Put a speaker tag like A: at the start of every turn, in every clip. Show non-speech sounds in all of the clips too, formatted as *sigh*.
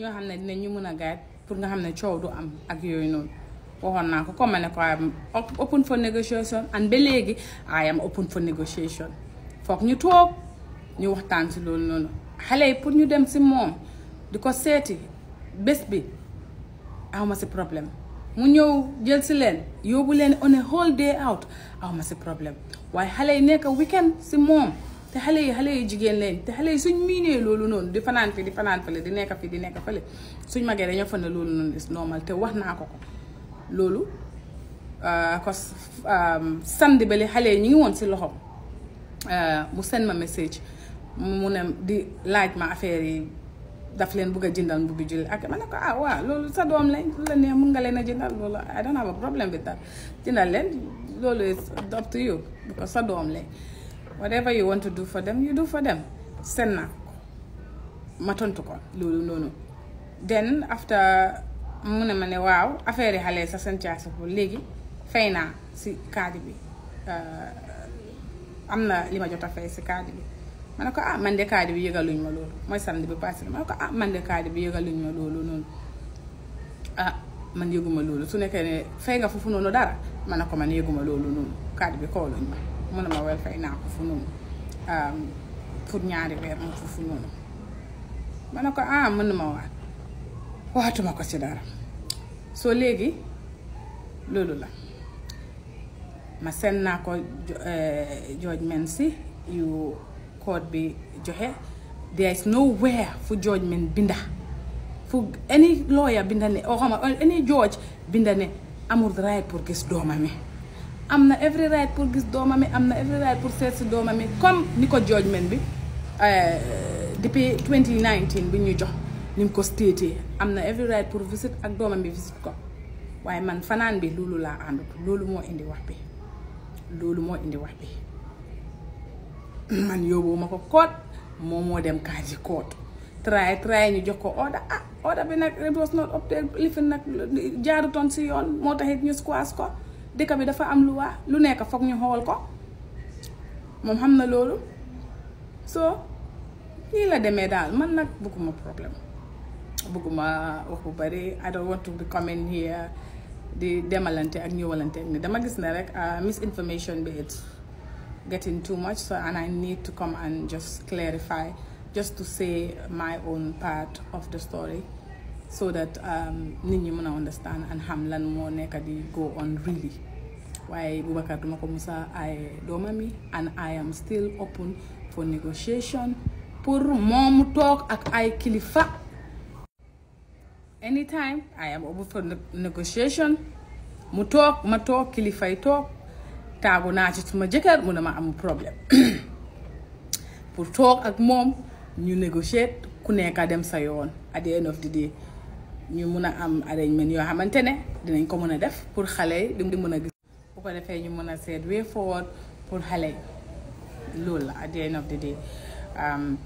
A: ñoo xam ne dinañ ñu mën a guide pour nga xam ne coow du am ak yooyu noonu waxoon naa ko comme ne ko I am open for negotiation and ba léegi I am open for negotiation foog ñu toog ñu waxtaan si loolu noonu xale yi pour ñu dem si moom di ko seeti bés bi awma si problème mu ñëw jël si leen yóbbu leen on a whole day out awma si problème waaye xale yi nekk weekend si moom te xale yi xale yi jigéen leen te xale yi suñ miinee loolu noonu di fanaan fi di fanaan fële di nekk fi di nekk fële suñ magee dañoo fan ne loolu noonu is normal te wax naa ko ko loolu cos euh, euh, samedi bale xale yi ñu ngi woon si loxom euh, mu send ma message mu ne di laaj ma affaire yi daf leen bugg a jëndal mbubbi julli ak ma ne ko ah waaw loolu sa doom lañ lu la neex mun nga leen a jëndal loolu I don't have a problem with that jëndal leen loolu is you because sa doom lañ whatever you want to do for them you do for them seen naa ko ma tontu ko loolu noonu then after mu ne ma ne waaw affaire yi xale sa seen caasi foofu léegi fay naa si kaadi bi am na li ma jot a fey si kaadi bi ma ne ko ah man de kaadi bi yëgaluñ ma loolu mooy samedi bi passé ma ne ko ah man de kaadi bi yëgaluñ ma loolu noonu ah man yëguma loolu su nekkee ne fay nga foofu noonu dara ma ne ko man yëguma loolu noonu kaadi bi kooluñ ma mu ne ma naa ko fu noonu um, pour ñaari weer ma ko fu noonu ma ne ko ah mën waat waatuma ko ci dara soo léegi loolu la ma seen naa ko eh, George Mensi yu code bi joxe there is nowhere fu George Men binda fu any lawyer binda ne oo oh, xam any George binda ne amul right pour gis doomam mi am na every right pour gis doomam yi am na every right pour seet si doomam yi comme ni ko judgment bi euh, depuis 2019 bi ñu jox ni mu ko stéetee am na every right pour visite ak doomam bi visite ko waaye man fanaan bi loolu laa àndut loolu moo indi wax bi loolu moo indi wax bi man yóbbuwuma ko koot moom moo dem kaaji koot try try ñu jox ko order ah order bi nag it was nag jaarutoon si yoon moo taxit ñu squash ko dëkk bi dafa am lu waa lu nekk foog ñu xool ko moom xam na loolu soo nii la demee daal man nag bëgguma problème bëgguma wax bu bari I don't want to be coming here di demalante ak ñëwalante ak ni dama gis ne rek ah, misinformation bi it's getting too much so and I need to come and just clarify just to say my own part of the story so that um, nit ñi mën understand and hamlan lan moo di go on really why Boubacar duma ko musa i doomam yi and I am still open for negotiation pour moom mu toog ak ay kilifa anytime I am open for negotiation mu toog ma toog kilifay toog taagu naa ci suma jëkkër mu ne ma am problème *coughs* pour toog ak moom ñu négocier ku nekk dem sa yoon at the end of the day ñu mun a am arrangement yoo xamante ne dinañ ko mën a def pour xale yi di mën a gis bu ko defee ñu mën a seet way forward pour xale yi loolu la at the end of the day um,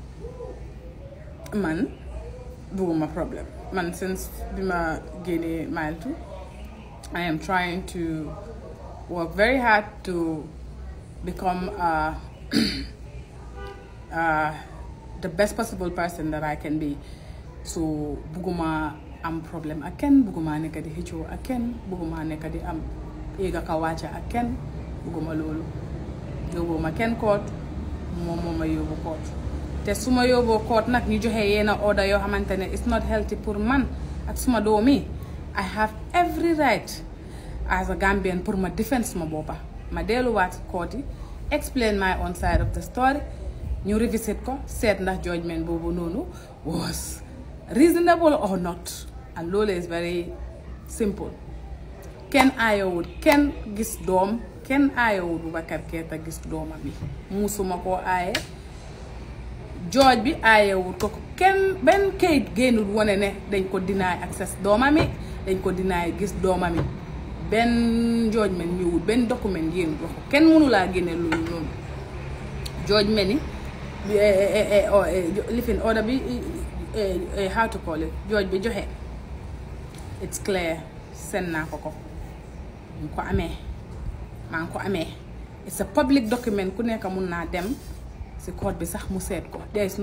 A: man bugguma problème man since bi ma génnee mile two I am trying to work very hard to become uh, *clears throat* uh, the best possible person that I can be. So, Buguma am problem ak buguma bugguma nekk di xëccoo ak kenn bugguma nekk di am ega kawacha. a wàcce ak kenn bugguma loolu yóbbu ma ken court. moom moo ma yóbbu koot te su ma yóbboo koot nag ñu joxe yena order yo xamante it's not healthy pour man At suma doom I have every right as a Gambian pour ma Defence ma boppa ma delu wat yi explain my own side of the story ñu revisit ko Set ndax judgment boobu noonu was reasonable or not and loolu is very simple kenn aayowul kenn gis doom kenn aayowul Boubacar Keita gis doomam bi muusuma koo aaye jooj bi aayewul ko kenn benn kayit génnul wane ne dañ ko dinaay access doomam yi dañ ko dinaay gis doomam yi benn jooj men ñëwul benn document génnul wax ko kenn mënulaa génne loolu noonu jooj meni lifin order bi eh, eh, eh, how to call it jooj bi joxe it's clear seen naa ko ko mu ko amee maa ngi ko amee sa a public document ku nekk mun naa dem si code bi sax mu seet ko there is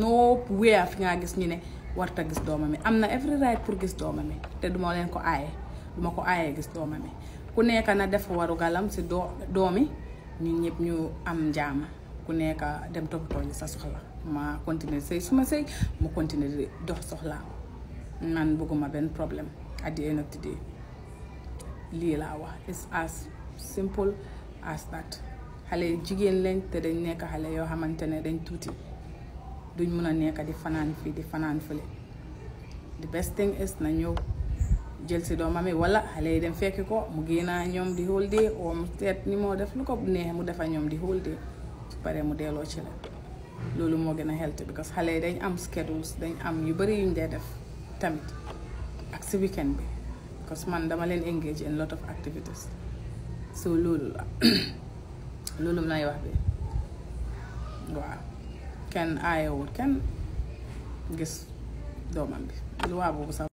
A: fi ngaa gis ñu ne warta gis dooma mi am na every pour gis dooma mi te duma leen ko aaye duma ko aayee gis dooma ku nekk na def waru galam si doo doomi ñun ñëpp ñu am njaama ku nekk dem toppatoo sa soxla ma su ma sëy mu continuer di dox soxlaa man bëgguma benn problème at the end of lii laa wax it's as simple as that xale jigéen lañ te dañ nekk xale yoo xamante ne dañ tuuti duñ mun a nekk di fanaan fii di fanaan fële the best thing is na ñëw jël si doomam yi wala xale yi dem fekki ko mu génnaa ñoom di whole oo mu seet ni moo def lu ko neexee mu defa ñoom di whole day su pare mu delloo ci la loolu moo gën a healthy because xale yi dañ am schedules dañ am yu bari yuñ dee def tamit ak si weekend bi parce que man dama leen engage in lot of activities so loolu la *coughs* loolu nay wax bi waaw kenn aayewul kenn gis doomam bi luwaa boobu sax